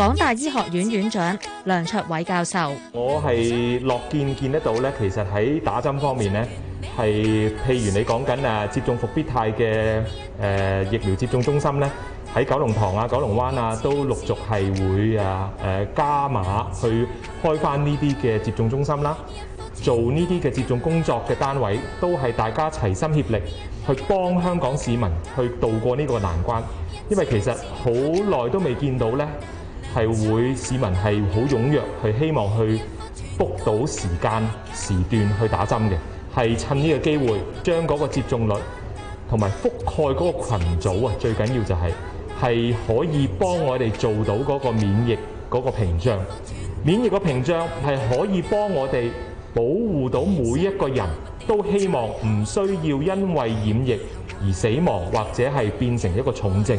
港大醫學院院長梁卓偉教授，我係樂見見得到咧。其實喺打針方面咧，係譬如你講緊誒接種復必泰嘅誒疫苗接種中心咧，喺九龍塘啊、九龍灣啊，都陸續係會啊誒加碼去開返呢啲嘅接種中心啦。做呢啲嘅接種工作嘅單位都係大家齊心協力去幫香港市民去渡過呢個難關，因為其實好耐都未見到咧。係會市民係好踴躍，去希望去 book 到時間時段去打針嘅，係趁呢個機會將嗰個接種率同埋覆蓋嗰個群組啊，最緊要就係係可以幫我哋做到嗰個免疫嗰個屏障，免疫個屏障係可以幫我哋保護到每一個人，都希望唔需要因為染疫而死亡或者係變成一個重症。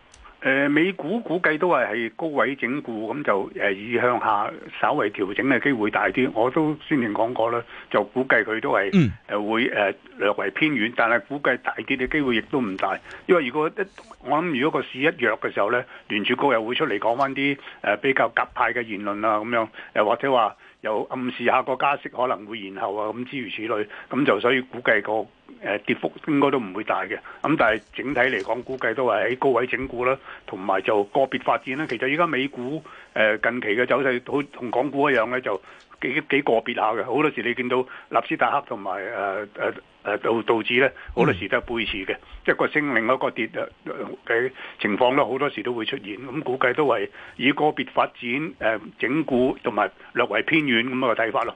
誒、呃，美股估計都係係高位整固，咁就誒，以、呃、向下稍為調整嘅機會大啲。我都先前講過啦，就估計佢都係誒會誒、呃、略為偏遠，但係估計大跌嘅機會亦都唔大。因為如果一我諗，如果個市一弱嘅時候咧，聯儲局又會出嚟講翻啲誒比較鴿派嘅言論啊，咁樣又或者話又暗示下個加息可能會延後啊，咁諸如此類，咁就所以估計個，誒跌幅應該都唔會大嘅，咁但係整體嚟講，估計都係喺高位整固啦，同埋就個別發展啦。其實依家美股誒近期嘅走勢，好同港股一樣咧，就幾幾個別下嘅。好多時你見到納斯達克同埋誒誒誒道道指咧，好、啊啊、多時都係背馳嘅，一、嗯、個升，另一個跌嘅情況咧，好多時都會出現。咁估計都係以個別發展誒、啊、整固同埋略為偏遠咁一個睇法咯。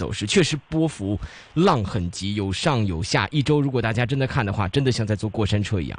走勢確實波幅浪很急，有上有下。一周如果大家真的看的話，真的像在坐過山車一樣。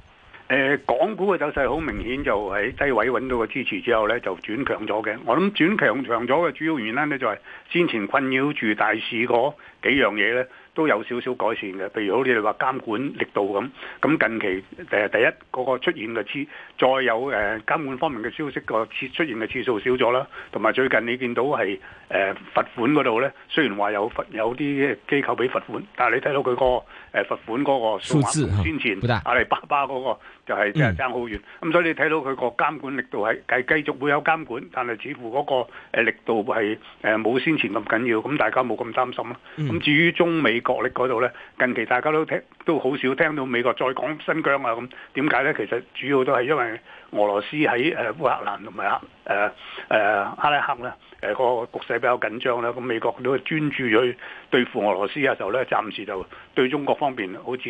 誒，港股嘅走勢好明顯就喺低位揾到個支持之後呢，就轉強咗嘅。我諗轉強強咗嘅主要原因呢，就係先前困擾住大市嗰幾樣嘢呢，都有少少改善嘅。譬如好似你話監管力度咁，咁近期誒、呃、第一嗰個出現嘅次，再有誒監管方面嘅消息個出現嘅次數少咗啦，同埋最近你見到係。誒、呃、罰款嗰度咧，雖然話有罰有啲機構俾罰款，但係你睇到佢、嗰個誒罰、呃、款嗰個數碼先前數字先前，阿里巴巴嗰個就係真係爭好遠。咁、嗯嗯、所以你睇到佢個監管力度係繼繼續會有監管，但係似乎嗰個力度係冇、呃、先前咁緊要，咁大家冇咁擔心啦。咁、嗯、至於中美國力嗰度咧，近期大家都聽都好少聽到美國再講新疆啊咁。點解咧？其實主要都係因為。俄羅斯喺誒烏克蘭同埋啊誒誒哈拉克咧誒個局勢比較緊張啦，咁美國都專注咗去對付俄羅斯嘅時候咧，暫時就對中國方面好似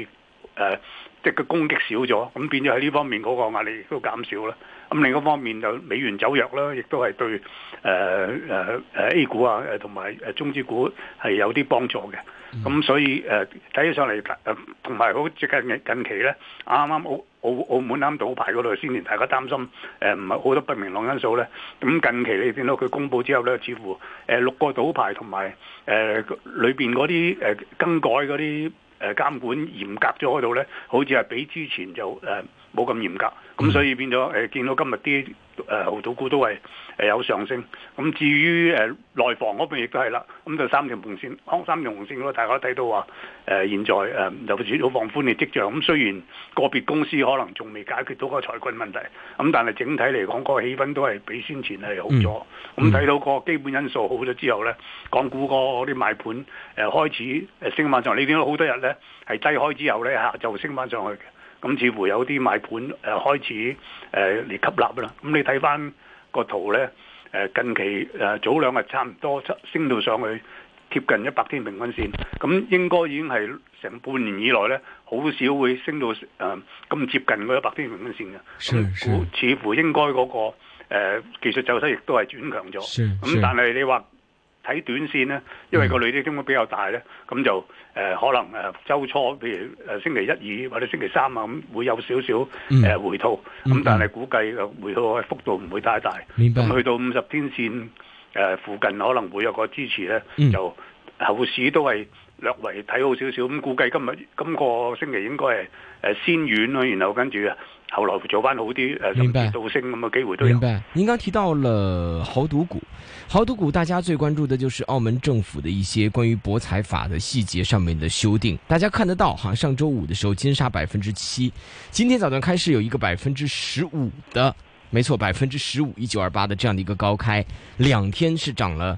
誒即個攻擊少咗，咁變咗喺呢方面嗰個壓力都減少啦。咁另一方面就美元走弱啦，亦都係對誒誒誒 A 股啊誒同埋誒中資股係有啲幫助嘅。咁、嗯、所以誒睇起上嚟誒，同埋好最近近期咧，啱啱澳澳澳門啱賭牌嗰度先，連大家擔心誒唔係好多不明朗因素咧。咁近期你見到佢公布之後咧，似乎誒六個賭牌同埋誒裏邊嗰啲誒更改嗰啲誒監管嚴格咗度咧，好似係比之前就誒。冇咁嚴格，咁所以變咗誒見到今日啲誒濠賭股都係、呃、有上升。咁至於、呃、內房嗰邊亦都係啦，咁就三條紅線，三條紅線咯，大家睇到話、呃、現在誒有少少放寬嘅跡象。咁雖然個別公司可能仲未解決到個財困問題，咁但係整體嚟講、個氣氛都係比先前係好咗。咁、嗯、睇到個基本因素好咗之後咧，港股個啲賣盤開始升翻上嚟。你點解好多日咧係低開之後咧嚇就升翻上去？咁似乎有啲買盤、呃、開始嚟、呃、吸納啦，咁、嗯、你睇翻個圖咧、呃、近期、呃、早兩日差唔多升到上去貼近一百天平均線，咁、嗯、應該已經係成半年以來咧好少會升到咁、呃、接近嗰一百天平均線嘅、嗯，似乎應該嗰、嗰個、呃、技術走勢亦都係轉強咗，咁、嗯、但係你話，睇短線咧，因為個累積衝擊比較大咧，咁、嗯、就、呃、可能誒週初，譬如星期一、二或者星期三啊咁，會有少少、嗯呃、回吐，咁但係估計回吐嘅幅度唔會太大。明白。咁去到五十天線、呃、附近，可能會有個支持咧、嗯。就後市都係略為睇好少少。咁估計今日今個星期應該係先軟咯，然後跟住。後來做翻好啲，誒、呃，逐步上升咁嘅機會都有。明白，您剛提到了豪賭股，豪賭股大家最關注的就是澳門政府的一些關於博彩法的細節上面的修訂。大家看得到，哈，上周五的時候，金沙百分之七，今天早上開市有一個百分之十五的，沒錯，百分之十五，一九二八的這樣的一個高開，兩天是漲了。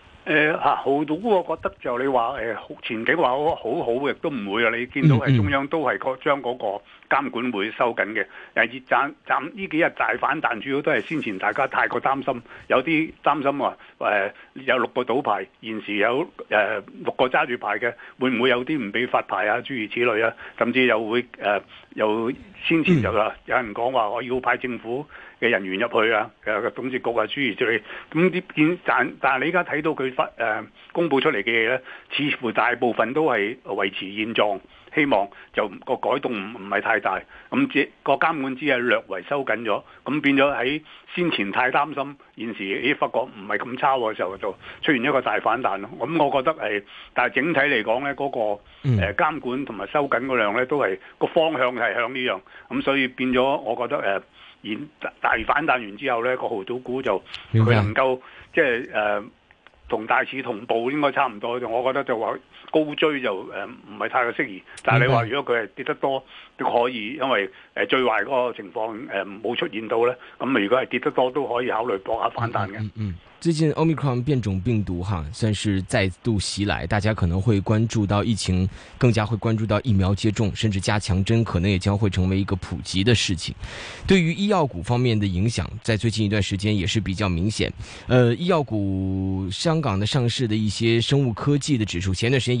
誒、嗯，吓好到，我覺得就你話誒前景話好好，嘅、嗯，都唔會啊！你見到係中央都係個將嗰個監管會收緊嘅，誒，跌賺賺呢幾日大反彈，主要都係先前大家太過擔心，有啲擔心啊，誒，有六個賭牌，現時有誒六個揸住牌嘅，會唔會有啲唔俾發牌啊？諸如此類啊，甚至又會誒又先前就話有人講話我要派政府。嘅人員入去啊！誒，董事局啊，諸如此類。咁啲變，但但係，你而家睇到佢發誒公布出嚟嘅嘢咧，似乎大部分都係維持現狀，希望就個改動唔唔係太大。咁只個監管只係略為收緊咗，咁變咗喺先前太擔心，現時誒發覺唔係咁差嘅時候，就出現一個大反彈咯。咁我覺得係，但係整體嚟講咧，嗰個誒監管同埋收緊個量咧，都係個方向係向呢樣。咁所以變咗，我覺得誒。演大反彈完之後，咧、那，個濠賭股就佢能夠即係誒同大市同步應該差唔多，就我覺得就話。高追就誒唔係太過適宜，嗯、但係你話如果佢係跌得多都可以，因為誒、呃、最壞嗰個情況誒冇、呃、出現到咧，咁如果係跌得多都可以考慮搏下反彈嘅。嗯，嗯，嗯最近 Omicron 變種病毒哈算是再度襲來，大家可能會關注到疫情，更加會關注到疫苗接種，甚至加強針可能也將會成為一個普及的事情。對於醫藥股方面的影響，在最近一段時間也是比較明顯。誒、呃，醫藥股香港嘅上市的一些生物科技嘅指數，前段時間。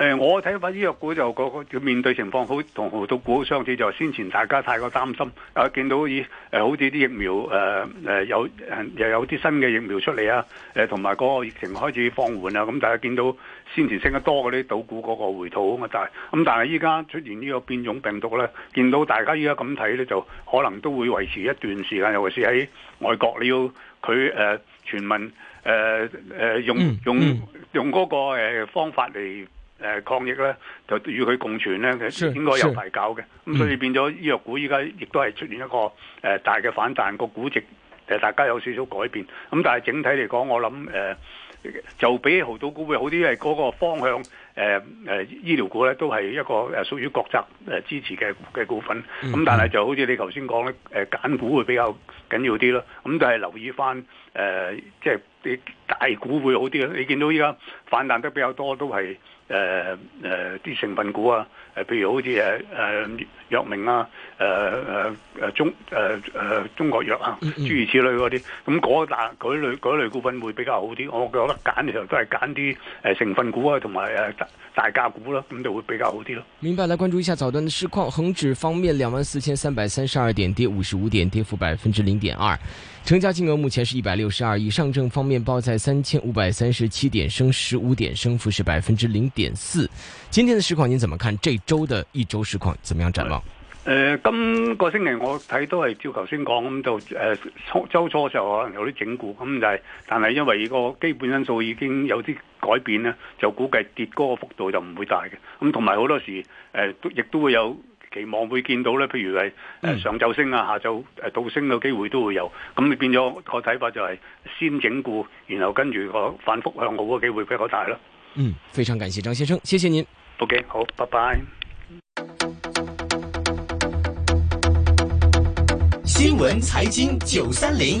誒，我睇法醫藥股就個個面對情況，好同賭股相似。就先前大家太過擔心，啊見到以誒、啊、好似啲疫苗誒誒、啊、有誒又有啲新嘅疫苗出嚟啊，誒同埋個疫情開始放緩啊。咁、嗯、大家見到先前升得多嗰啲賭股嗰個回吐咁大，咁但係依家出現呢個變種病毒咧，見到大家依家咁睇咧，就可能都會維持一段時間。尤其是喺外國，你要佢誒、啊、全民誒誒、啊、用用用嗰、那個、啊、方法嚟。誒、呃、抗疫咧，就與佢共存咧，應該有排搞嘅。咁、嗯、所以變咗醫藥股依家亦都係出現一個誒大嘅反彈，個、嗯、估值誒大家有少少改變。咁、嗯、但係整體嚟講，我諗誒、呃、就比起濠賭股會好啲，係、那、嗰個方向誒誒、呃呃、醫療股咧都係一個誒屬於國策誒支持嘅嘅股份。咁、嗯嗯、但係就好似你頭先講咧，誒、呃、揀股會比較緊要啲咯。咁、嗯、但係留意翻誒，即係啲大股會好啲咯。你見到依家反彈得比較多都係。誒誒啲成分股啊，誒譬如好似誒誒藥明啊，誒誒誒中誒誒、呃、中國藥啊、嗯嗯，諸如此類嗰啲，咁嗰一大類股份會比較好啲。我覺得揀嘅時候都係揀啲誒成分股啊，同埋誒大價股啦、啊，咁就會比較好啲咯。明白，來關注一下早段嘅市況，恒指方面兩萬四千三百三十二點，跌五十五點，跌幅百分之零點二。成交金額目前是一百六十二億。上證方面報在三千五百三十七點升，十五點升十五點，升幅是百分之零點四。今天的市況您怎麼看？這周的一周市況怎麼樣展望？誒、呃，今、這個星期我睇都係照頭先講咁、嗯、就誒，初、呃、周初時候可能有啲整固咁但係，但係因為個基本因素已經有啲改變咧，就估計跌嗰個幅度就唔會大嘅。咁同埋好多時誒都、呃、亦都會有。期望會見到咧，譬如係誒、呃嗯、上晝升啊，下晝誒倒升嘅機會都會有。咁你變咗個睇法就係先整固，然後跟住個反覆向好嘅機會比較大咯。嗯，非常感謝張先生，謝謝您。OK，好，拜拜。新聞財經九三零。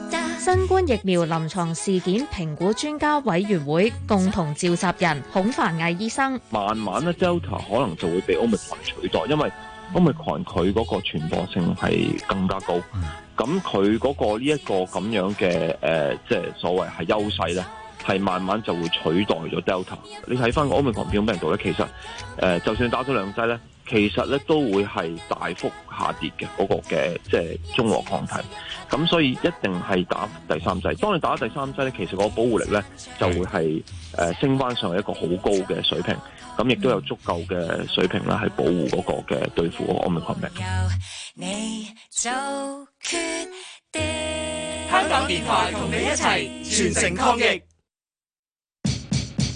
新冠疫苗臨床事件評估專家委員會共同召集人孔凡毅醫生，慢慢咧，Delta 可能就會被 Omicron 取代，因為 Omicron 佢嗰個傳播性係更加高，咁佢嗰個呢一個咁樣嘅誒、呃，即係所謂係優勢咧，係慢慢就會取代咗 Delta。你睇翻個 Omicron 片俾人度咧，其實誒、呃，就算打咗兩劑咧。其實咧都會係大幅下跌嘅嗰、那個嘅即係中和抗體，咁所以一定係打第三劑。當你打第三劑咧，其實那個保護力咧就會係誒、呃、升翻上一個好高嘅水平，咁亦都有足夠嘅水平啦，係保護嗰個嘅對付我。香港電台同你一齊全城抗疫。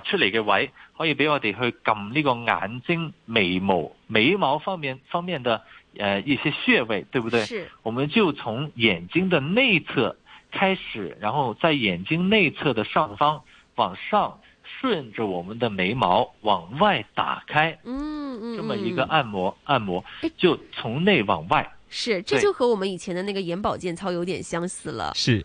出嚟嘅位可以俾我哋去撳呢個眼睛眉毛眉毛方面方面的誒、呃、一些穴位，對不對？是。我們就從眼睛的內側開始，然後在眼睛內側的上方往上，順着我們的眉毛往外打開，嗯，嗯嗯這麼一個按摩按摩，就從內往外。是，這就和我們以前的那個眼保健操有點相似了。是。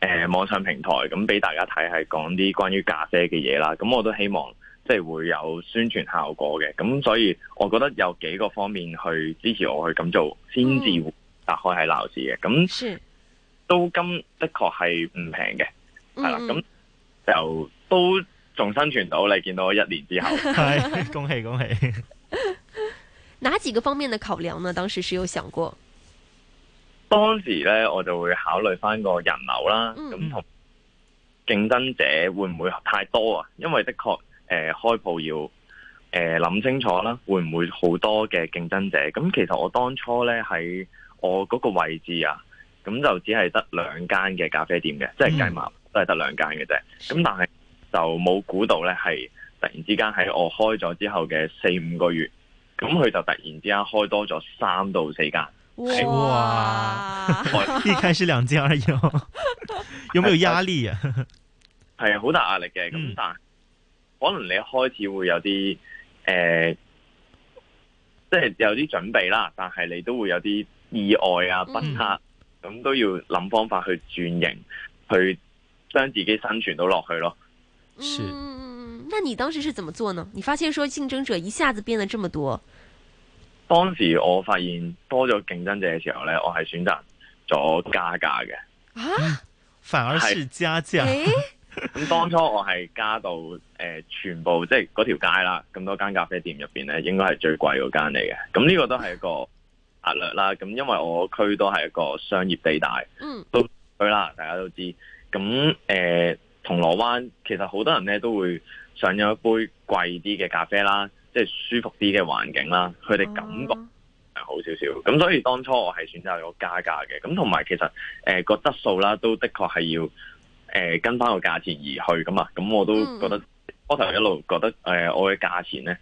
誒、呃，網上平台咁俾大家睇係講啲關於咖啡嘅嘢啦，咁我都希望即係會有宣傳效果嘅，咁所以我覺得有幾個方面去支持我去咁做，先至會打開喺鬧市嘅，咁都今的確係唔平嘅，係、嗯、啦，咁就都仲生存到，你見到我一年之後，係恭喜恭喜。哪幾個方面嘅考量呢？當時是有想過。當時咧，我就會考慮翻個人流啦，咁同競爭者會唔會太多啊？因為的確，誒、呃、開鋪要誒諗、呃、清楚啦，會唔會好多嘅競爭者？咁其實我當初咧，喺我嗰個位置啊，咁就只係得兩間嘅咖啡店嘅，即係計埋都係得兩間嘅啫。咁、就是、但係就冇估到咧，係突然之間喺我開咗之後嘅四五個月，咁佢就突然之間開多咗三到四間。哇，哇！一開始兩間而已。 有沒有壓力啊？係啊，好大壓力嘅。咁、嗯、但可能你一開始會有啲誒、呃，即係有啲準備啦，但係你都會有啲意外啊、不、嗯、測，咁都要諗方法去轉型，去將自己生存到落去咯。是，嗯嗯嗯，那你當時是怎麼做呢？你發現說競爭者一下子變得這麼多。當時我發現多咗競爭者嘅時候呢，我係選擇咗加價嘅。啊，反而是加價？咁當初我係加到、呃、全部即係嗰條街啦，咁多間咖啡店入面呢，應該係最貴嗰間嚟嘅。咁呢個都係一個壓力啦。咁因為我區都係一個商業地帶，嗯，都對啦，大家都知。咁誒、呃，銅鑼灣其實好多人呢都會想有一杯貴啲嘅咖啡啦。即係舒服啲嘅環境啦，佢哋感覺係好少少，咁、mm. 所以當初我係選擇咗加價嘅，咁同埋其實誒個質素啦，都的確係要誒、呃、跟翻個價錢而去噶嘛，咁我都覺得、mm. 我頭一路覺得誒、呃、我嘅價錢咧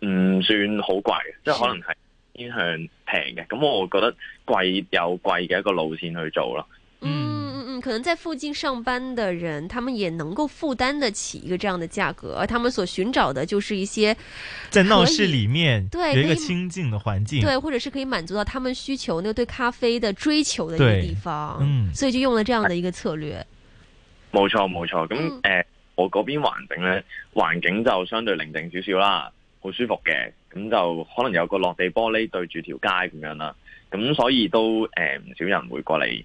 唔算好貴嘅，即、mm. 係可能係偏向平嘅，咁我覺得貴有貴嘅一個路線去做咯。Mm. 嗯、可能在附近上班的人，他們也能夠負擔得起一個這樣的價格，而他們所尋找的就是一些在鬧市裏面對一個清靜的環境，對，對，或者是可以滿足到他們需求那個對咖啡的追求的一個地方，嗯，所以就用了這樣的一個策略。冇錯冇錯，咁誒、嗯呃，我嗰邊環境咧，環境就相對寧靜少少啦，好舒服嘅，咁就可能有個落地玻璃對住條街咁樣啦，咁所以都誒唔、呃、少人會過嚟。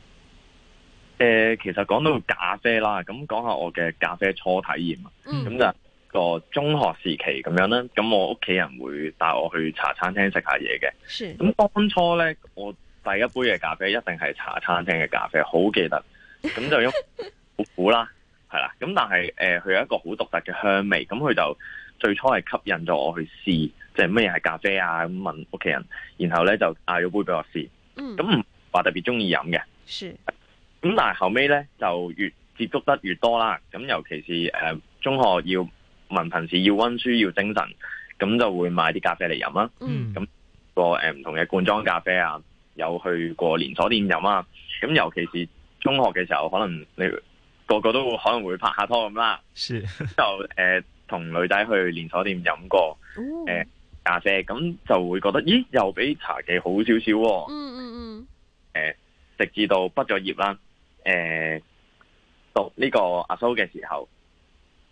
誒、呃，其實講到咖啡啦，咁講下我嘅咖啡初體驗啊，咁就個中學時期咁樣啦。咁我屋企人會帶我去茶餐廳食下嘢嘅。咁當初呢，我第一杯嘅咖啡一定係茶餐廳嘅咖啡，好記得。咁就好苦啦，係 啦。咁但係誒，佢、呃、有一個好獨特嘅香味。咁佢就最初係吸引咗我去試，即係乜嘢係咖啡啊？咁問屋企人，然後呢就嗌咗杯俾我試。咁唔話特別中意飲嘅。咁但係後尾咧就越接觸得越多啦，咁尤其是誒、呃、中學要文憑試要溫書要精神，咁就會買啲咖啡嚟飲啦。嗯，咁個誒唔同嘅罐裝咖啡啊，有去過連鎖店飲啊。咁、嗯、尤其是中學嘅時候，可能你個個都會可能會拍下拖咁啦，就誒同女仔去連鎖店飲過誒、呃哦、咖啡，咁就會覺得咦又比茶幾好少少，啊。嗯嗯嗯，誒、呃、直至到畢咗業啦。誒、欸，讀呢個阿蘇嘅時候，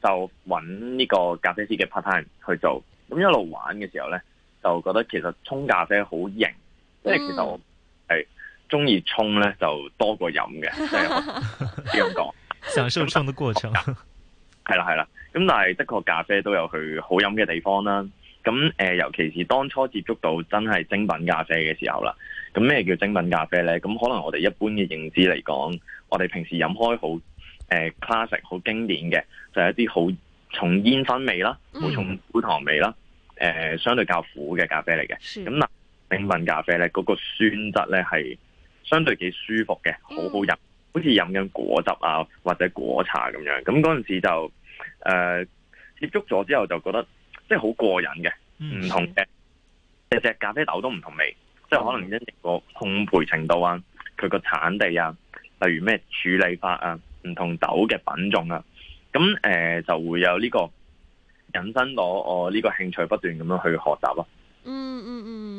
就揾呢個咖啡師嘅 part time 去做。咁一路玩嘅時候咧，就覺得其實沖咖啡好型，即、嗯、係其實我係中意沖咧就多過飲嘅，即係咁講？享受沖的過程。係啦係啦，咁但係的確咖啡都有佢好飲嘅地方啦。咁誒、呃，尤其是當初接觸到真係精品咖啡嘅時候啦，咁咩叫精品咖啡咧？咁可能我哋一般嘅認知嚟講。我哋平時飲開好誒 classic 好經典嘅，就係、是、一啲好重煙熏味啦，好重焦糖味啦，誒、嗯呃、相對較苦嘅咖啡嚟嘅。咁嗱，精品咖啡咧，嗰、那個酸質咧係相對幾舒服嘅，好好飲、嗯，好似飲緊果汁啊或者果茶咁樣。咁嗰陣時候就誒、呃、接觸咗之後就覺得即係好過癮嘅，唔同嘅隻隻咖啡豆都唔同味，哦、即係可能因個烘焙程度啊，佢個產地啊。例如咩處理法啊，唔同豆嘅品種啊，咁誒、呃、就會有呢、這個引申到我呢個興趣不斷咁樣去學習咯、啊。嗯嗯嗯。嗯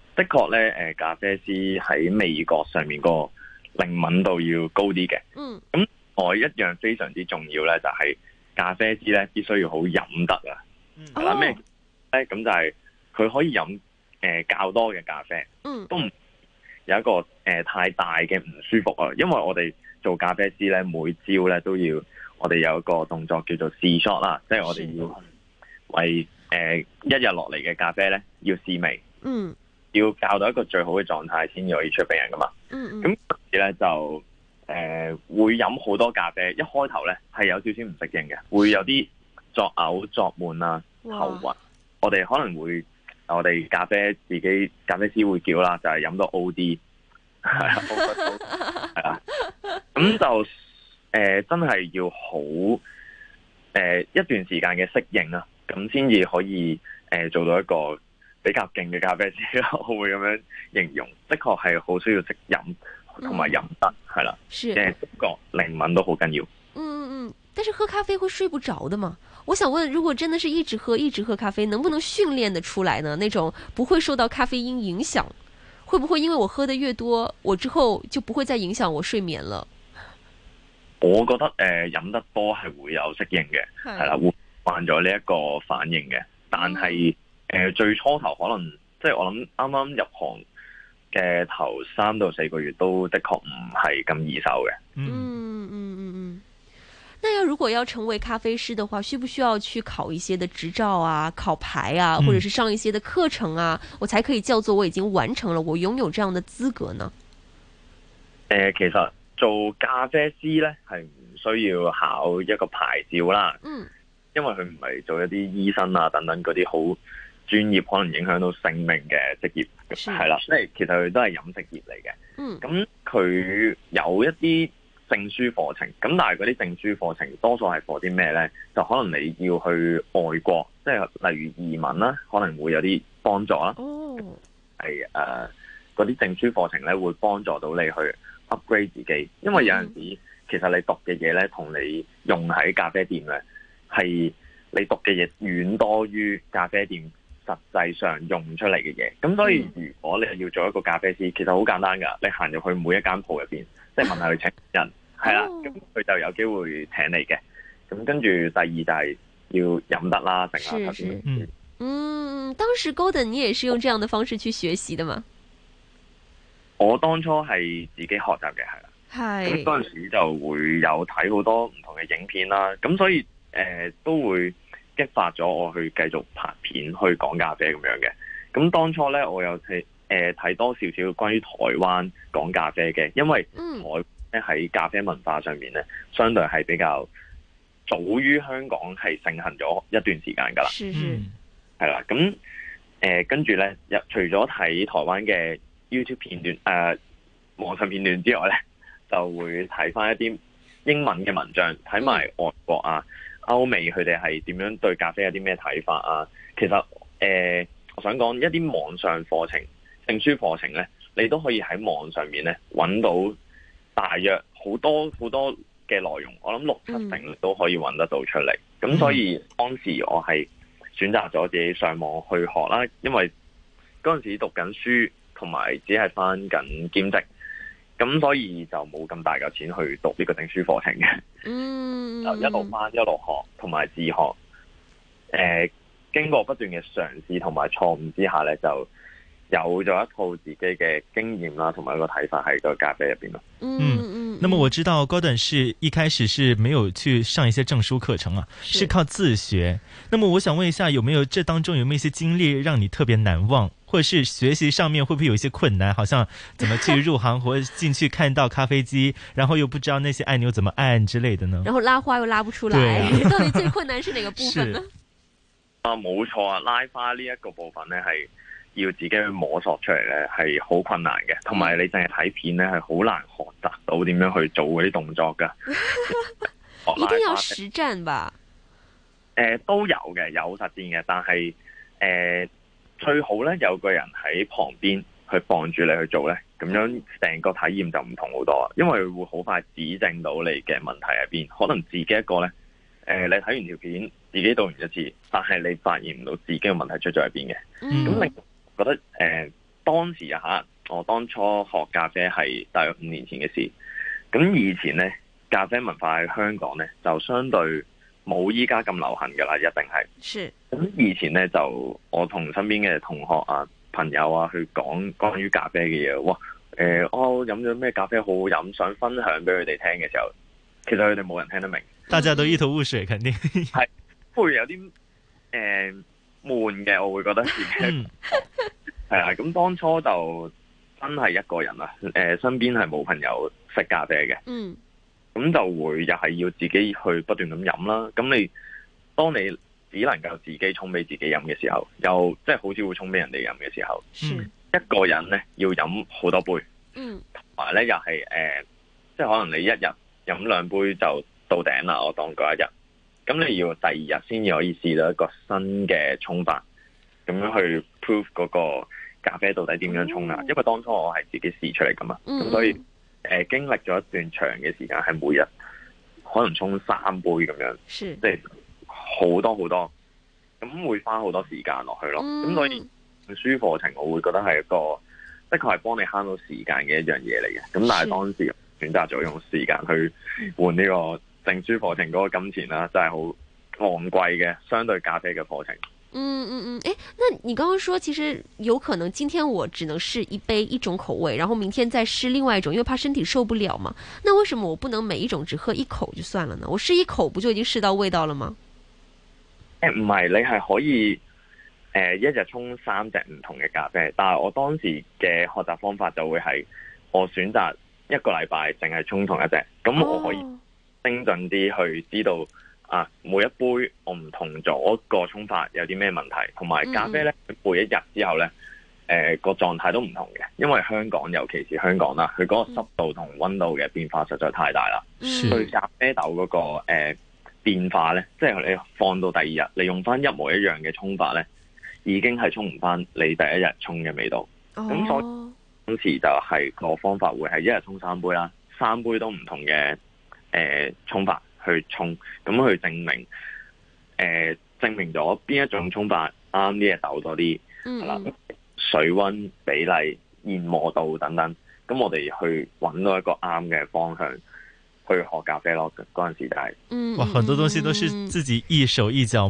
的確咧，誒，咖啡師喺味覺上面個靈敏度要高啲嘅。嗯，咁我一樣非常之重要咧，就係、是、咖啡師咧必須要好飲得啊。嗯，係啦咩？誒、哦，咁就係佢可以飲誒、呃、較多嘅咖啡。嗯，都唔有一個誒、呃、太大嘅唔舒服啊。因為我哋做咖啡師咧，每朝咧都要我哋有一個動作叫做試 shot 啦，即、就、係、是、我哋要為誒、呃、一日落嚟嘅咖啡咧要試味。嗯。要教到一個最好嘅狀態，先至可以出病人噶嘛。咁、嗯、平、嗯、時咧就誒、呃、會飲好多咖啡，一開頭咧係有少少唔適應嘅，會有啲作嘔、作悶啊、頭暈。我哋可能會我哋咖啡自己咖啡師會叫啦，就係、是、飲到 O D 係啊。咁 就誒、呃、真係要好誒、呃、一段時間嘅適應啊，咁先至可以誒、呃、做到一個。比較勁嘅咖啡師咯，我會咁樣形容，的確係好需要食飲同埋飲得係啦，即係個靈敏都好緊要。嗯嗯嗯，但是喝咖啡會睡不着的嘛？我想問，如果真的是一直喝一直喝咖啡，能不能訓練得出來呢？那種不會受到咖啡因影響，會不會因為我喝得越多，我之後就不會再影響我睡眠了？我覺得誒，飲、呃、得多係會有適應嘅，係啦，會慣咗呢一個反應嘅，但係。嗯誒、呃，最初頭可能即係我諗啱啱入行嘅頭三到四個月都的確唔係咁易手嘅。嗯嗯嗯嗯，那要如果要成為咖啡師嘅話，需不需要去考一些嘅執照啊、考牌啊，或者是上一些嘅課程啊，嗯、我才可以叫做我已經完成了，我擁有這樣的資格呢？誒、呃，其實做咖啡師咧係唔需要考一個牌照啦。嗯。因為佢唔係做一啲醫生啊，等等嗰啲好。專業可能影響到性命嘅職業係啦，即係其實佢都係飲食業嚟嘅。嗯，咁佢有一啲證書課程，咁但係嗰啲證書課程多數係課啲咩呢？就可能你要去外國，即係例如移民啦，可能會有啲幫助啦。係、哦、誒，嗰啲、uh, 證書課程呢會幫助到你去 upgrade 自己，因為有陣時、嗯、其實你讀嘅嘢呢，同你用喺咖啡店嘅係你讀嘅嘢遠多於咖啡店。實際上用出嚟嘅嘢，咁所以如果你要做一個咖啡師，嗯、其實好簡單噶，你行入去每一間鋪入邊，即、就、係、是、問下佢請人，係、啊、啦，咁佢就有機會請你嘅。咁跟住第二就係要飲得啦，定啦頭嗯，當時高 o 你也是用這樣的方式去學習的嘛？我當初係自己學習嘅，係啦，係咁當時就會有睇好多唔同嘅影片啦，咁所以誒、呃、都會。激發咗我去繼續拍片去講咖啡咁樣嘅，咁當初呢，我又睇誒睇多少少關於台灣講咖啡嘅，因為台咧喺咖啡文化上面呢，相對係比較早於香港係盛行咗一段時間噶啦，係 啦，咁誒、呃、跟住咧，除咗睇台灣嘅 YouTube 片段誒、呃、網上片段之外呢，就會睇返一啲英文嘅文章，睇埋外國啊。歐美佢哋係點樣對咖啡有啲咩睇法啊？其實誒、呃，我想講一啲網上課程、證書課程呢，你都可以喺網上面呢揾到大約好多好多嘅內容，我諗六七成都可以揾得到出嚟。咁、嗯、所以當時我係選擇咗自己上網去學啦，因為嗰陣時讀緊書同埋只係返緊兼職。咁、嗯、所以就冇咁大嘅錢去讀呢個證書課程嘅，就、嗯、 一路翻一路學，同埋自學。誒、呃，經過不斷嘅嘗試同埋錯誤之下咧，就有咗一套自己嘅經驗啦，同埋一個睇法，喺個咖啡入邊咯。嗯嗯。那麼我知道 Gordon 是一開始是沒有去上一些證書課程啊是是靠自學。那麼我想問一下，有沒有這當中有沒有一些經歷讓你特別難忘？或是學習上面會唔會有一些困難？好像怎麼去入行或進去看到咖啡機， 然後又不知道那些按鈕怎麼按之類的呢？然後拉花又拉不出來，啊、到底最困難是哪個部分呢？ 啊，冇錯啊，拉花呢一個部分呢係要自己去摸索出嚟咧，係好困難嘅。同埋你淨係睇片呢，係好難學習到點樣去做嗰啲動作噶。 一定要實戰吧？這個呃、都有嘅，有實戰嘅，但係誒。呃最好咧有個人喺旁邊去傍住你去做呢。咁樣成個體驗就唔同好多，因為會好快指正到你嘅問題喺邊。可能自己一個呢，呃、你睇完條片，自己讀完一次，但係你發現唔到自己嘅問題出咗喺邊嘅。咁你覺得當、呃、當時吓，我當初學咖啡係大約五年前嘅事，咁以前呢，咖啡文化喺香港呢，就相對，冇依家咁流行噶啦，一定係。係。咁以前呢，就我同身邊嘅同學啊、朋友啊去講關於咖啡嘅嘢，哇！誒、呃，我飲咗咩咖啡好好飲，想分享俾佢哋聽嘅時候，其實佢哋冇人聽得明。大家都一頭霧水，肯定係，會 有啲誒悶嘅，我會覺得係啊。咁 當初就真係一個人啊，誒、呃，身邊係冇朋友食咖啡嘅。嗯。咁就會又係要自己去不斷咁飲啦。咁你當你只能夠自己沖俾自己飲嘅時候，又即係好少會沖俾人哋飲嘅時候。嗯。一個人咧要飲好多杯。嗯。同埋咧又係誒、呃，即係可能你一日飲兩杯就到頂啦。我當嗰一日，咁你要第二日先至可以試到一個新嘅沖法，咁樣去 prove 嗰個咖啡到底點樣沖啊、嗯？因為當初我係自己試出嚟噶嘛，咁所以。嗯誒，經歷咗一段長嘅時間，係每日可能沖三杯咁樣，是即係好多好多，咁會花好多時間落去咯。咁當然，書課程我會覺得係一個的確係幫你慳到時間嘅一樣嘢嚟嘅。咁但係當時我選擇咗用時間去換呢個證書課程嗰個金錢啦，真係好昂貴嘅，相對咖啡嘅課程。嗯嗯嗯，誒，那你剛剛說其實有可能今天我只能試一杯一種口味，然後明天再試另外一種，因為怕身體受不了嘛。那為什麼我不能每一種只喝一口就算了呢？我試一口不就已經試到味道了嗎？誒、呃，唔係，你係可以誒、呃，一日沖三隻唔同嘅咖啡，但係我當時嘅學習方法就會係我選擇一個禮拜淨係沖同一隻，咁、嗯哦、我可以精準啲去知道。啊！每一杯不我唔同咗個沖法，有啲咩問題？同埋咖啡咧，每一日之後咧，誒、嗯呃、個狀態都唔同嘅。因為香港尤其是香港啦，佢嗰個濕度同溫度嘅變化實在太大啦。對、嗯嗯、咖啡豆嗰、那個誒、呃、變化咧，即係你放到第二日，你用翻一模一樣嘅沖法咧，已經係沖唔翻你第一日沖嘅味道。咁、哦、所以今次就係個方法會係一日沖三杯啦，三杯都唔同嘅誒、呃、沖法。去沖，咁去證明，誒、呃，證明咗邊一種沖法啱啲嘢，豆多啲，係、嗯嗯、水溫比例研磨度等等，咁我哋去搵到一個啱嘅方向去學咖啡咯。嗰陣時就係、是，哇，很多東西都是自己一手一腳。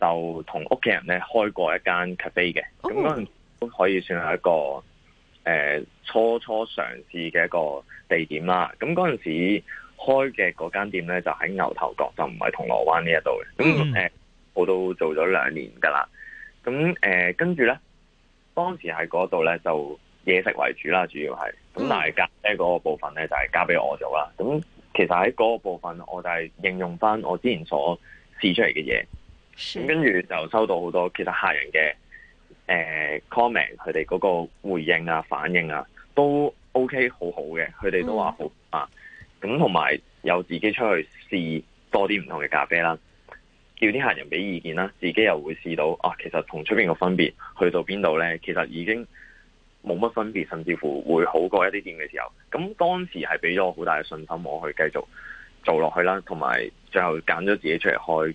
就同屋企人咧開過一間 cafe 嘅，咁嗰陣都可以算係一個誒、呃、初初嘗試嘅一個地點啦。咁嗰陣時開嘅嗰間店咧就喺牛頭角，就唔係銅鑼灣呢一度嘅。咁誒、mm. 欸，我都做咗兩年噶啦。咁誒，跟住咧，當時喺嗰度咧就嘢食為主啦，主要係咁，咁但係咖啡嗰個部分咧就係交俾我做啦。咁其實喺嗰個部分，我就係應用翻我之前所試出嚟嘅嘢。跟住就收到好多其他客人嘅誒、呃、comment，佢哋嗰個回應啊反應啊都 OK，好好嘅。佢哋都話好、嗯、啊，咁同埋有自己出去試多啲唔同嘅咖啡啦，叫啲客人俾意見啦，自己又會試到啊，其實同出邊嘅分別去到邊度呢？其實已經冇乜分別，甚至乎會好過一啲店嘅時候。咁當時係俾咗我好大嘅信心，我去繼續做落去啦，同埋最後揀咗自己出嚟開。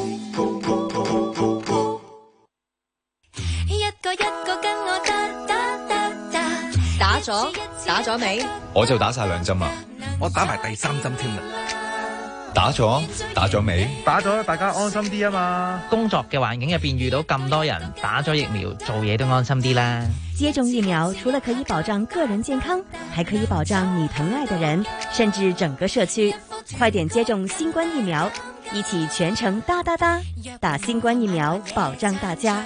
個一個跟我打打打打打咗打咗未？我就打晒兩針啊，我打埋第三針添啦。打咗打咗未？打咗，大家安心啲啊嘛。工作嘅環境入邊遇到咁多人打咗疫苗，做嘢都安心啲啦。接種疫苗除了可以保障個人健康，還可以保障你疼愛的人，甚至整個社區。快點接種新冠疫苗，一起全程噠噠噠打新冠疫苗，保障大家。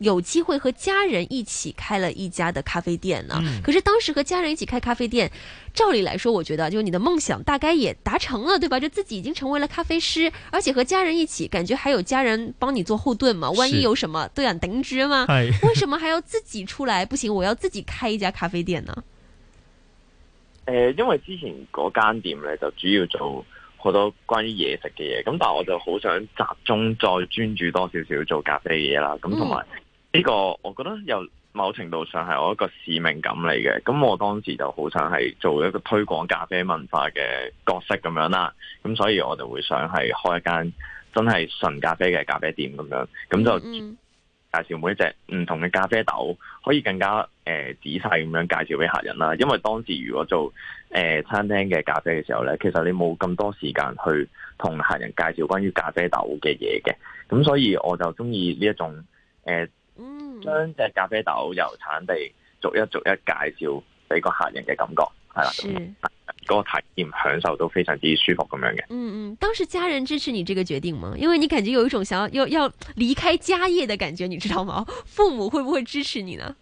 有機會和家人一起開了一家的咖啡店呢，啊嗯，可是當時和家人一起開咖啡店，照理來說，我覺得就你的夢想大概也達成了，對吧？就自己已經成為了咖啡師，而且和家人一起，感覺還有家人幫你做後盾嘛，萬一有什麼都肯頂住嘛。為什麼還要自己出來？不行，我要自己開一家咖啡店呢？呃、因為之前嗰間店呢，就主要做好多關於嘢食嘅嘢，咁但我就好想集中再專注多少少做咖啡嘅嘢啦，咁同埋。呢個我覺得有某程度上係我一個使命感嚟嘅，咁我當時就好想係做一個推廣咖啡文化嘅角色咁樣啦，咁所以我就會想係開一間真係純咖啡嘅咖啡店咁樣，咁就介紹每一隻唔同嘅咖啡豆，可以更加誒仔細咁樣介紹俾客人啦。因為當時如果做誒餐廳嘅咖啡嘅時候呢，其實你冇咁多時間去同客人介紹關於咖啡豆嘅嘢嘅，咁所以我就中意呢一種誒。呃將隻咖啡豆由產地逐一逐一介紹俾個客人嘅感覺係啦，嗰個體驗享受都非常之舒服咁樣嘅。嗯嗯，當時家人支持你這個決定嗎？因為你感覺有一種想要要離開家業的感覺，你知道嗎？父母會不會支持你呢？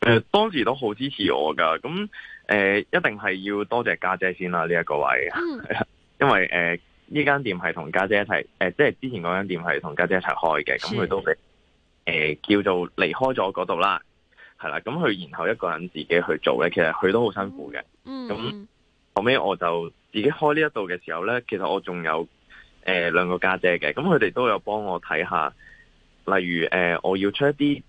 誒、呃，當時都好支持我噶，咁誒、呃，一定係要多謝家姐，姐先啦，呢一個位，嗯、因為誒呢間店係同家姐一齊，誒即係之前嗰間店係同家姐一齊開嘅，咁佢都。誒、呃，叫做離開咗嗰度啦，係啦，咁佢然後一個人自己去做咧，其實佢都好辛苦嘅。嗯，咁後尾我就自己開呢一度嘅時候咧，其實我仲有誒兩、呃、個家姐嘅，咁佢哋都有幫我睇下，例如誒、呃、我要出一啲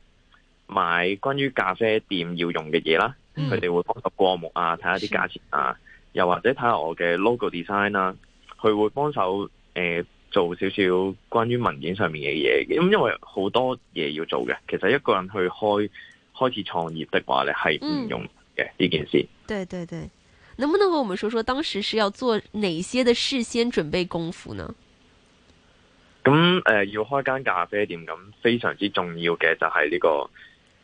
買關於咖啡店要用嘅嘢啦，佢、mm-hmm. 哋會幫手過目啊，睇下啲價錢啊，又或者睇下我嘅 logo design 啦、啊，佢會幫手誒。呃做少少關於文件上面嘅嘢，因為好多嘢要做嘅，其實一個人去開開始創業的話咧係唔用嘅呢、嗯、件事。對對對，能不能和我們說說當時是要做哪些的事先準備功夫呢？咁、嗯、誒、呃，要開間咖啡店，咁非常之重要嘅就係呢、這個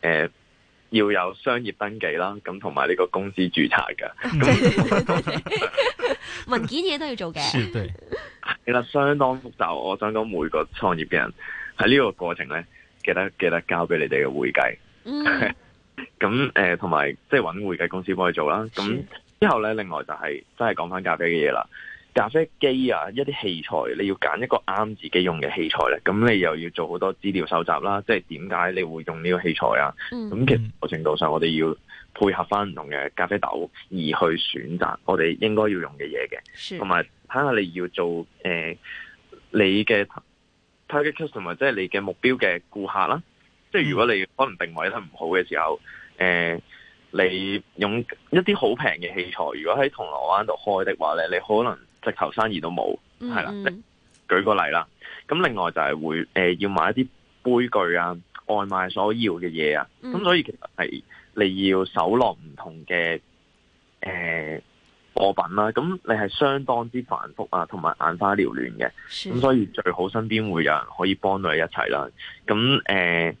誒。呃要有商業登記啦，咁同埋呢個公司註冊嘅， 文件嘢都要做嘅，其實相當複雜。我想講每個創業嘅人喺呢個過程呢，記得記得交俾你哋嘅會計，咁誒同埋即係揾會計公司幫佢做啦。咁之後呢，另外就係、係、真係講翻咖啡嘅嘢啦。咖啡機啊，一啲器材，你要揀一個啱自己用嘅器材咧。咁你又要做好多資料搜集啦，即係點解你會用呢個器材啊？咁、嗯、其實程度上，我哋要配合翻唔同嘅咖啡豆而去選擇我哋應該要用嘅嘢嘅，同埋睇下你要做誒、呃、你嘅 target customer，即係你嘅目標嘅顧客啦。嗯、即係如果你可能定位得唔好嘅時候，誒、呃、你用一啲好平嘅器材，如果喺銅鑼灣度開的話咧，你可能。直頭生意都冇，係啦。Mm-hmm. 舉個例啦，咁另外就係會誒、呃、要買一啲杯具啊、外賣所要嘅嘢啊，咁、mm-hmm. 所以其實係你要手落唔同嘅誒、呃、貨品啦、啊，咁你係相當之繁複啊，同埋眼花繚亂嘅，咁所以最好身邊會有人可以幫你一齊啦。咁誒、呃，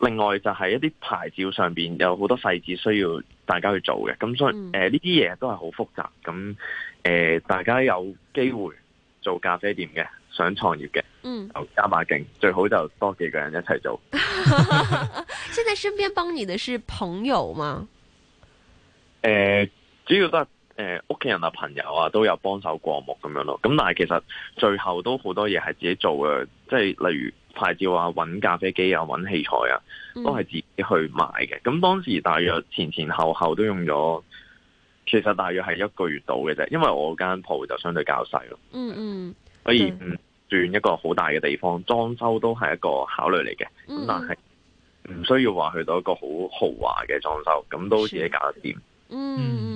另外就係一啲牌照上邊有好多細節需要大家去做嘅，咁所以誒呢啲嘢都係好複雜咁。誒、呃，大家有機會做咖啡店嘅，想創業嘅，嗯，加把勁，最好就多幾個人一齊做。 現在身邊幫你的是朋友嗎？誒、呃，主要都係誒屋企人啊、朋友啊都有幫手過目咁樣咯。咁但係其實最後都好多嘢係自己做嘅，即係例如牌照啊、搵咖啡機啊、搵器材啊，都係自己去買嘅。咁、嗯、當時大約前前後後都用咗，其實大約係一個月到嘅啫，因為我間鋪就相對較細咯。嗯嗯，所以唔算一個好大嘅地方，裝修都係一個考慮嚟嘅。咁、嗯、但係唔需要話去到一個好豪華嘅裝修，咁都自己搞得掂。嗯。嗯嗯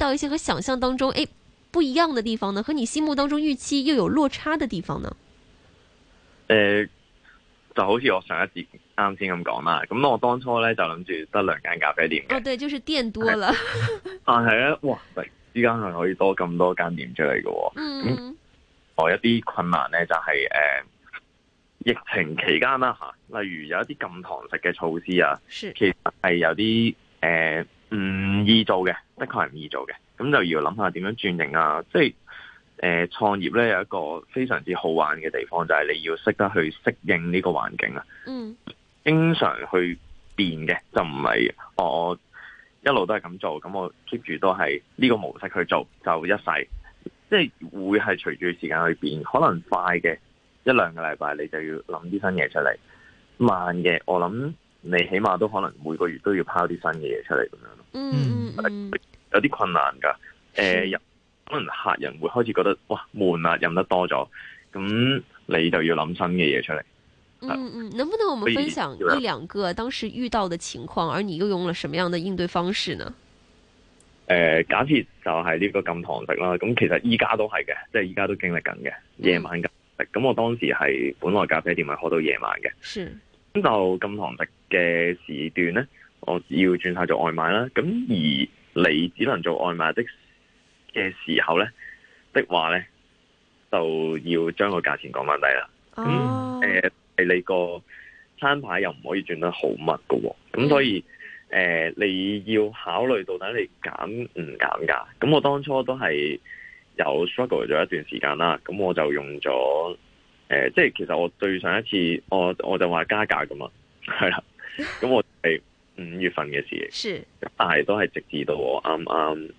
到一些和想象當中誒不一樣的地方呢，和你心目當中預期又有落差的地方呢？誒、呃，就好似我上一節啱先咁講啦，咁我當初咧就諗住得兩間咖啡店哦，對，就是店多了。但係咧，哇，突然之間係可以多咁多間店出嚟嘅，哦嗯。嗯。我一啲困難呢，就係、是、誒、呃，疫情期間啦吓，例如有一啲禁堂食嘅措施啊，其實係有啲誒。呃唔易做嘅，的確係唔易做嘅。咁就要諗下點樣轉型啊！即係誒，創、呃、業咧有一個非常之好玩嘅地方，就係、是、你要識得去適應呢個環境啊！嗯，經常去變嘅，就唔係、哦、我一路都係咁做，咁我 keep 住都係呢個模式去做，就一世，即、就、係、是、會係隨住時間去變。可能快嘅一兩個禮拜，你就要諗啲新嘢出嚟；慢嘅，我諗。你起碼都可能每個月都要拋啲新嘅嘢出嚟咁樣咯、嗯嗯嗯，有啲困難噶。誒、呃，可能客人會開始覺得哇，悶啦，飲得多咗，咁你就要諗新嘅嘢出嚟。嗯嗯，能不能我們分享一兩個當時遇到的情況，而你又用了什麼樣的應對方式呢？誒、呃，假設就係呢個禁堂食啦，咁其實依家都係嘅，即係依家都在經歷緊嘅夜晚緊。咁、嗯、我當時係本來咖啡店係開到夜晚嘅。是。咁就咁堂的嘅時段呢，我只要轉下做外賣啦。咁而你只能做外賣的嘅時候呢，的話呢，就要將個價錢降翻低啦。咁、oh. 誒、嗯呃，你個餐牌又唔可以轉得好密㗎喎。咁所以誒、呃，你要考慮到底你減唔減價？咁我當初都係有 struggle 咗一段時間啦。咁我就用咗。誒、呃，即係其實我對上一次我我就話加價㗎嘛，係啦，咁我係五月份嘅事，是但係都係直至到我啱啱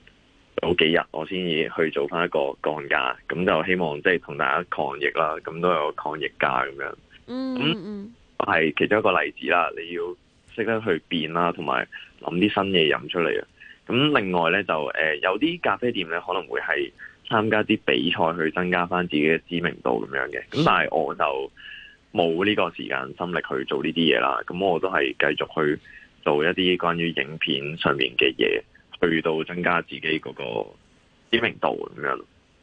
好幾日，我先至去做翻一個降價，咁就希望即係同大家抗疫啦，咁都有抗疫價咁樣。嗯嗯嗯，係其中一個例子啦，你要識得去變啦，同埋諗啲新嘢飲出嚟啊。咁另外呢，就誒、呃，有啲咖啡店呢可能會係。參加啲比賽去增加返自己嘅知名度咁樣嘅，咁但係我就冇呢個時間心力去做呢啲嘢啦，咁我都係繼續去做一啲關於影片上面嘅嘢，去到增加自己嗰個知名度咁樣。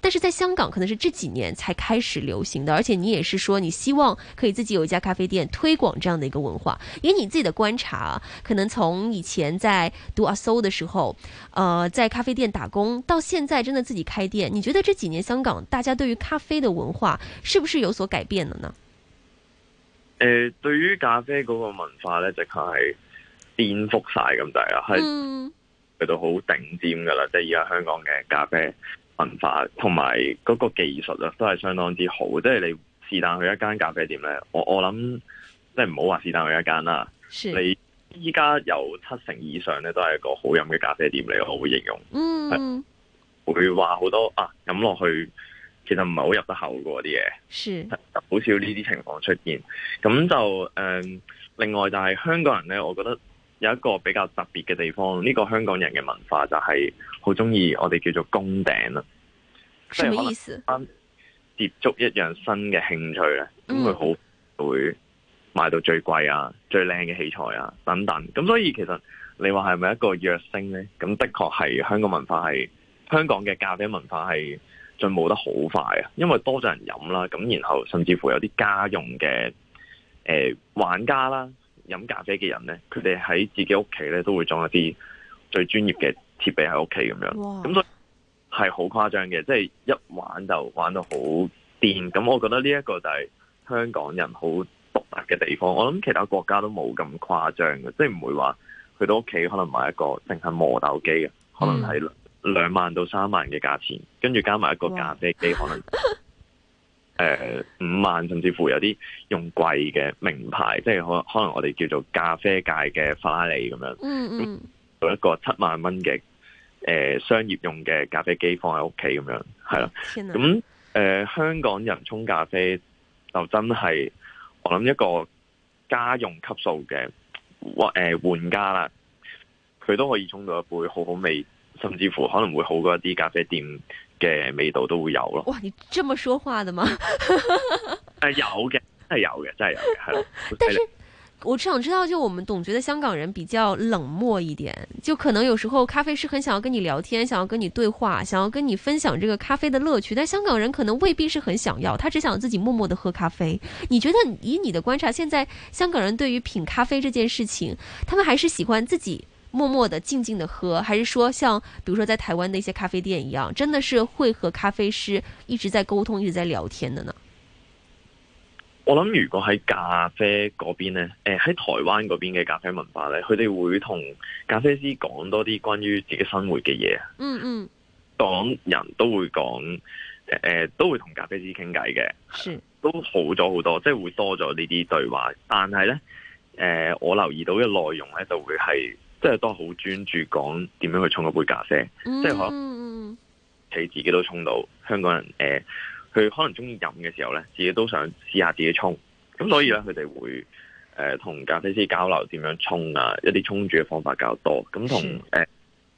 但是在香港，可能是這幾年才開始流行的，而且你也是說，你希望可以自己有一家咖啡店，推廣這樣的一個文化。以你自己的觀察，可能從以前在讀阿蘇的時候，呃，在咖啡店打工，到現在真的自己開店，你覺得這幾年香港大家對於咖啡的文化是不是有所改變了呢？呃，對於咖啡嗰個文化呢，直頭係顛覆。嗯，係呀，的確係顛覆晒，咁大啊，係去到好頂尖噶啦，即係而家香港嘅咖啡。文化同埋嗰個技術咧，都係相當之好。即係你是但去一間咖啡店呢，我我諗即係唔好話是但去一間啦。你依家有七成以上咧，都係一個好飲嘅咖啡店嚟，我會形容。嗯，會話好多啊，飲落去其實唔係好入得口啲嘢，好少呢啲情況出現。咁就誒、嗯，另外就係香港人呢，我覺得。有一個比較特別嘅地方，呢、這個香港人嘅文化就係好中意我哋叫做攻頂啦。什麼意思？接觸一樣新嘅興趣咧，咁佢好會賣到最貴啊、最靚嘅器材啊等等。咁所以其實你話係咪一個躍升呢？咁的確係香港文化係香港嘅咖啡文化係進步得好快啊！因為多咗人飲啦，咁然後甚至乎有啲家用嘅誒、呃、玩家啦。飲咖啡嘅人呢，佢哋喺自己屋企呢，都會裝一啲最專業嘅設備喺屋企咁樣，咁所以係好誇張嘅，即係一玩就玩到好癲。咁我覺得呢一個就係香港人好獨特嘅地方。我諗其他國家都冇咁誇張嘅，即係唔會話去到屋企可能買一個淨係磨豆機嘅、嗯，可能係兩萬到三萬嘅價錢，跟住加埋一個咖啡機可能。誒、呃，五萬甚至乎有啲用貴嘅名牌，即係可可能我哋叫做咖啡界嘅法拉利咁樣，做、嗯嗯、一個七萬蚊嘅誒商業用嘅咖啡機放喺屋企咁樣，係啦。咁誒、啊嗯呃、香港人沖咖啡就真係我諗一個家用級數嘅，或、呃、誒玩家啦，佢都可以沖到一杯好好味，甚至乎可能會好過一啲咖啡店嘅味道都會有咯。哇，你這麼說話的嗎？ 呃、有嘅，真係有嘅，真係有嘅。係咯。 但是我只想知道，就我們總覺得香港人比較冷漠一點，就可能有時候咖啡師很想要跟你聊天，想要跟你對話，想要跟你分享這個咖啡的樂趣，但香港人可能未必是很想要，他只想自己默默的喝咖啡。你覺得以你的觀察，現在香港人對於品咖啡這件事情，他們還是喜歡自己？默默的，靜靜的喝，還是說像，比如說在台灣那些咖啡店一樣，真的是會和咖啡師一直在溝通，一直在聊天的呢？我諗如果喺咖啡嗰邊咧，誒、呃、喺台灣嗰邊嘅咖啡文化咧，佢哋會同咖啡師講多啲關於自己生活嘅嘢。嗯嗯，港人都會講，誒、呃、都會同咖啡師傾偈嘅，係，都好咗好多，即係會多咗呢啲對話。但係咧，誒、呃、我留意到嘅內容咧就會係。即係都好專注講點樣去沖一杯咖啡，mm-hmm. 即係可能佢自，自己都沖到。香港人佢、呃、可能中意飲嘅時候呢，自己都想試下自己沖。咁所以呢，佢哋會同、呃、咖啡師交流點樣沖啊，一啲沖煮嘅方法較多。咁同誒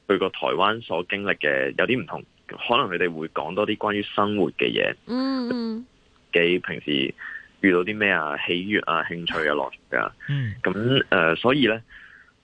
去過台灣所經歷嘅有啲唔同，可能佢哋會講多啲關於生活嘅嘢。嗯，即係平時遇到啲咩啊，喜悅啊，興趣啊，樂趣啊。咁、mm-hmm. 誒、呃、所以呢。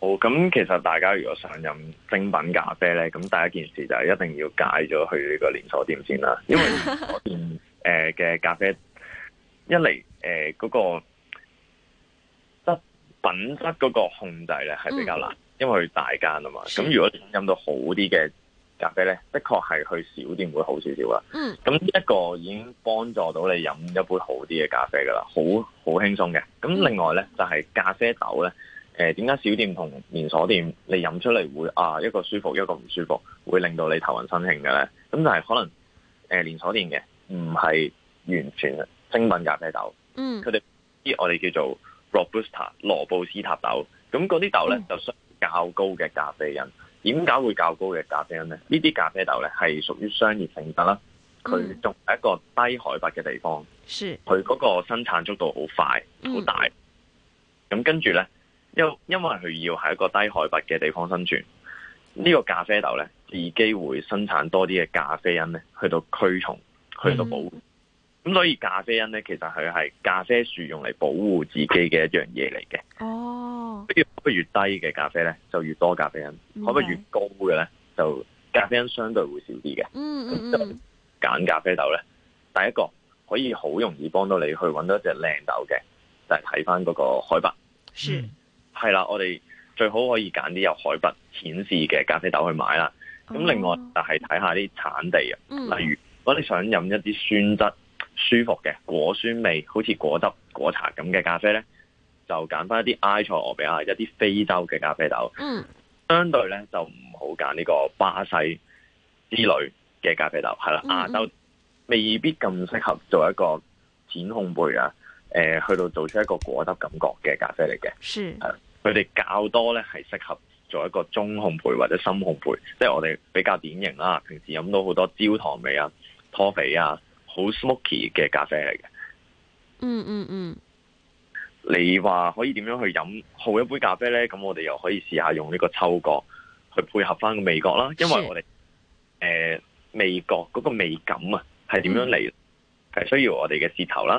好，咁，其實大家如果想飲精品咖啡咧，咁第一件事就係一定要戒咗去呢個連鎖店先啦，因為邊誒嘅咖啡 一嚟，誒嗰個質品質嗰個控制咧係比較難，嗯、因為大間啊嘛。咁如果飲到好啲嘅咖啡咧，的確係去小店會好少少啦。嗯。咁呢一個已經幫助到你飲一杯好啲嘅咖啡噶啦，好好輕鬆嘅。咁另外咧就係、是、咖啡豆咧。誒、呃，點解小店同連鎖店你飲出嚟會啊一個舒服，一個唔舒服，會令到你頭暈身㷫嘅咧？咁就係可能誒、呃、連鎖店嘅唔係完全精品咖啡豆。嗯，佢哋啲我哋叫做 Robusta 羅布斯塔豆，咁嗰啲豆咧、嗯、就屬較高嘅咖啡因。點解會較高嘅咖啡因咧？呢啲咖啡豆咧係屬於商業性質啦，佢仲係一個低海拔嘅地方。是，佢嗰個生產速度好快，好、嗯、大。咁跟住咧。因因為佢要喺一個低海拔嘅地方生存，呢、這個咖啡豆咧，自己會生產多啲嘅咖啡因咧，去到驅蟲，去到保護。咁、嗯、所以咖啡因咧，其實佢係咖啡樹用嚟保護自己嘅一樣嘢嚟嘅。哦，越越低嘅咖啡咧，就越多咖啡因；可不可越高嘅咧，就咖啡因相對會少啲嘅。嗯嗯嗯。揀咖啡豆咧，第一個可以好容易幫到你去揾到一隻靚豆嘅，就係睇翻嗰個海拔。係啦，我哋最好可以揀啲有海拔顯示嘅咖啡豆去買啦。咁另外，就係睇下啲產地啊，例如，如果你想飲一啲酸質舒服嘅果酸味，好似果汁、果茶咁嘅咖啡咧，就揀翻一啲埃塞俄比亞、一啲非洲嘅咖啡豆。嗯，相對咧就唔好揀呢個巴西之類嘅咖啡豆。係啦，亞洲未必咁適合做一個淺烘焙啊。誒、呃，去到做出一個果汁感覺嘅咖啡嚟嘅。是。是佢哋較多咧係適合做一個中烘焙或者深烘焙，即係我哋比較典型啦。平時飲到好多焦糖味啊、拖肥啊、好 smoky 嘅咖啡嚟嘅。嗯嗯嗯。你話可以點樣去飲好一杯咖啡咧？咁我哋又可以試下用呢個嗅覺去配合翻個味覺啦。因為我哋誒、呃、味覺嗰個味感啊，係點樣嚟？係、嗯、需要我哋嘅舌頭啦，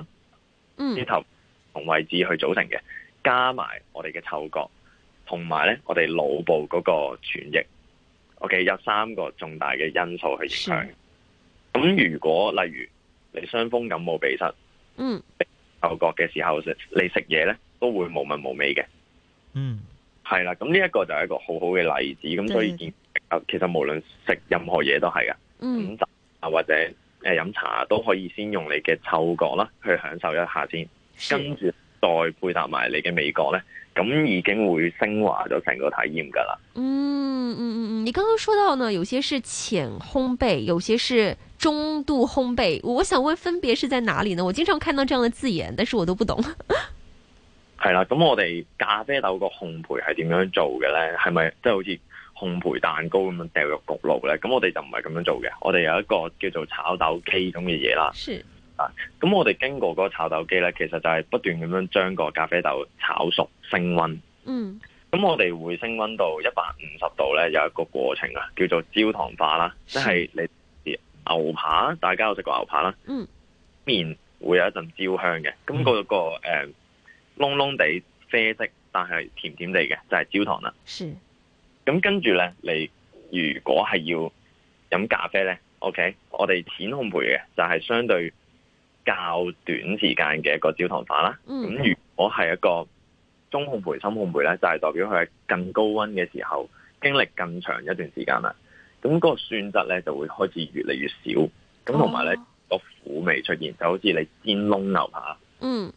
舌、嗯、頭同位置去組成嘅。加埋我哋嘅嗅覺，同埋咧我哋腦部嗰個傳譯，OK 有三個重大嘅因素去影響。咁如果、嗯、例如你傷風感冒鼻塞，嗯，嗅覺嘅時候食你食嘢咧都會無聞無味嘅。嗯，係啦，咁呢一個就係一個好好嘅例子。咁所以其實無論食任何嘢都係㗎，咁、嗯、啊或者誒飲、呃、茶都可以先用你嘅嗅覺啦，去享受一下先，跟住。再配搭埋你嘅味覺呢，咁已經會升華咗成個體驗噶啦。嗯嗯嗯嗯，你剛剛說到呢，有些是淺烘焙，有些是中度烘焙，我想問分別是在哪裡呢？我經常看到這樣的字眼，但是我都不懂。係 啦，咁我哋咖啡豆個烘焙係點樣做嘅呢？係咪即係好似烘焙蛋糕咁樣掉入焗爐呢？咁我哋就唔係咁樣做嘅，我哋有一個叫做炒豆 K 咁嘅嘢啦。是。咁我哋經過嗰炒豆機呢，其實就係不斷咁樣將個咖啡豆炒熟、升溫。嗯。咁我哋會升溫到一百五十度呢，有一個過程啊，叫做焦糖化啦，即係你牛扒，大家有食過牛扒啦。嗯。面會有一陣焦香嘅，咁嗰個誒，窿窿地啡色，但係甜甜地嘅，就係焦糖啦。是。咁跟住呢，你如果係要飲咖啡呢，OK，我哋淺烘焙嘅，就係相對。較短時間嘅一個焦糖化啦，咁、嗯、如果係一個中控培、深控培咧，就係代表佢喺更高溫嘅時候，經歷更長一段時間啦。咁個酸質咧就會開始越嚟越少，咁同埋咧個苦味出現，就好似你煎窿牛扒，嗯，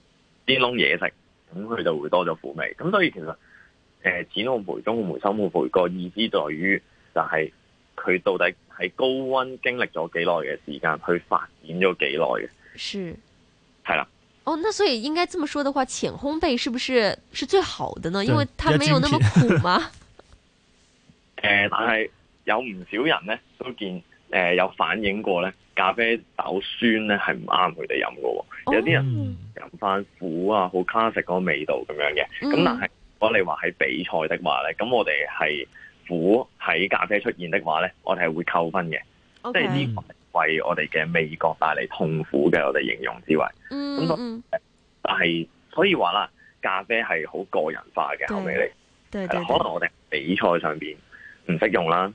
煎窿嘢食，咁佢就會多咗苦味。咁所以其實誒，淺、呃、控培、中控培、深控培個意思在於就係佢到底喺高溫經歷咗幾耐嘅時間，去發展咗幾耐嘅。是，係啦。哦、oh,，那所以應該這麼說的話，淺烘焙是不是是最好的呢？因為它沒有那麼苦嗎？誒、 呃，但係有唔少人咧都見誒、呃、有反映過咧，咖啡豆酸咧係唔啱佢哋飲嘅。喝 oh, 有啲人飲翻苦啊，好 classic 嗰個味道咁樣嘅。咁、嗯、但係我哋話喺比賽的話咧，咁我哋係苦喺咖啡出現的話咧，我哋係會扣分嘅。即係呢為我哋嘅味覺帶嚟痛苦嘅，我哋形容之為，咁、嗯嗯、但係所以話啦，咖啡係好個人化嘅，後尾嚟，係啦，可能我哋比賽上邊唔識用啦，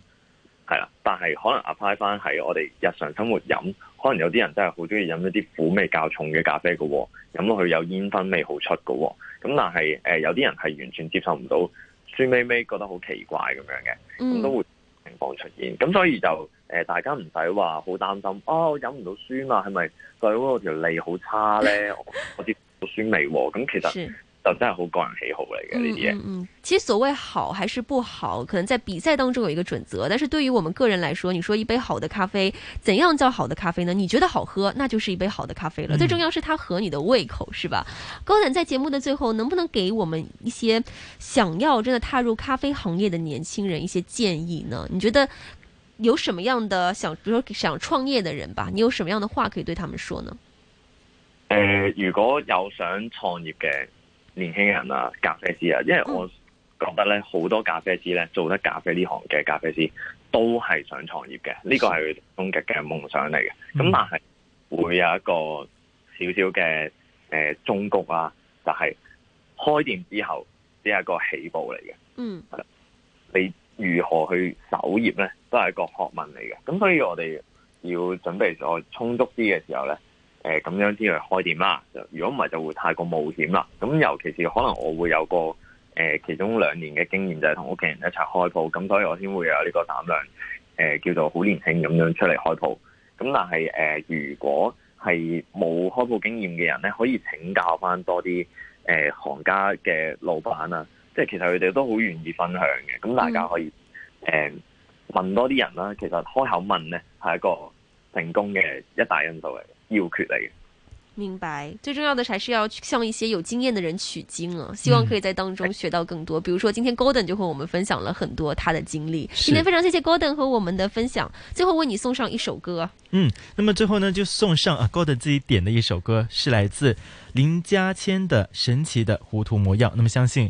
係啦，但係可能 apply 翻喺我哋日常生活飲，可能有啲人真係好中意飲一啲苦味較重嘅咖啡嘅，飲落去有煙熏味好出嘅，咁但係誒、呃、有啲人係完全接受唔到，酸味味覺得好奇怪咁樣嘅，咁都會情況出現，咁、嗯、所以就。呃、大家唔使話好擔心哦，我飲唔到酸啊，係咪代表我條脷好差呢？ 我接酸味喎、哦，咁其實就真係好個人喜好嚟嘅呢啲嘢。嗯，嗯，嗯，其實所謂好還是不好，可能在比賽當中有一個準則，但是對於我們個人來說，你說一杯好的咖啡，怎樣叫好的咖啡呢？你覺得好喝，那就是一杯好的咖啡了。嗯、最重要是它合你的胃口，是吧？Gordon 在節目的最後，能不能給我們一些想要真的踏入咖啡行業的年輕人一些建議呢？你覺得？有什麼樣的想，比如想創業的人吧，你有什麼樣的話可以對他們說呢？呃、如果有想創業嘅年輕人啊，咖啡師啊，因為我覺得呢，好多咖啡師呢做得咖啡呢行嘅咖啡師都係想創業嘅，呢個係佢終極嘅夢想嚟嘅。咁、嗯、但係會有一個少少嘅誒忠告啊，就係、是、開店之後只係一個起步嚟嘅。嗯，啊、你。如何去守業呢？都係個學問嚟嘅。咁所以我哋要準備咗充足啲嘅時候呢，誒、呃、咁樣先去開店啦。如果唔係，就會太過冒險啦。咁尤其是可能我會有個誒、呃、其中兩年嘅經驗，就係同屋企人一齊開鋪，咁所以我先會有呢個膽量誒、呃、叫做好年輕咁樣出嚟開鋪。咁但係誒、呃，如果係冇開鋪經驗嘅人呢，可以請教翻多啲誒、呃、行家嘅老闆啊。即係其實佢哋都好願意分享嘅，咁大家可以誒、嗯嗯、問多啲人啦。其實開口問呢係一個成功嘅一大因素嚟，要訣嚟嘅。明白，最重要的還是要向一些有經驗的人取經啊！希望可以在當中學到更多。嗯、比如說，今天 Gordon 就和我們分享了很多他的經歷。今天非常謝謝 Gordon 和我們的分享。最後為你送上一首歌，嗯，那麼最後呢就送上啊 Gordon 自己點嘅一首歌，是來自林家謙的《神奇的糊塗模樣》。那麼相信。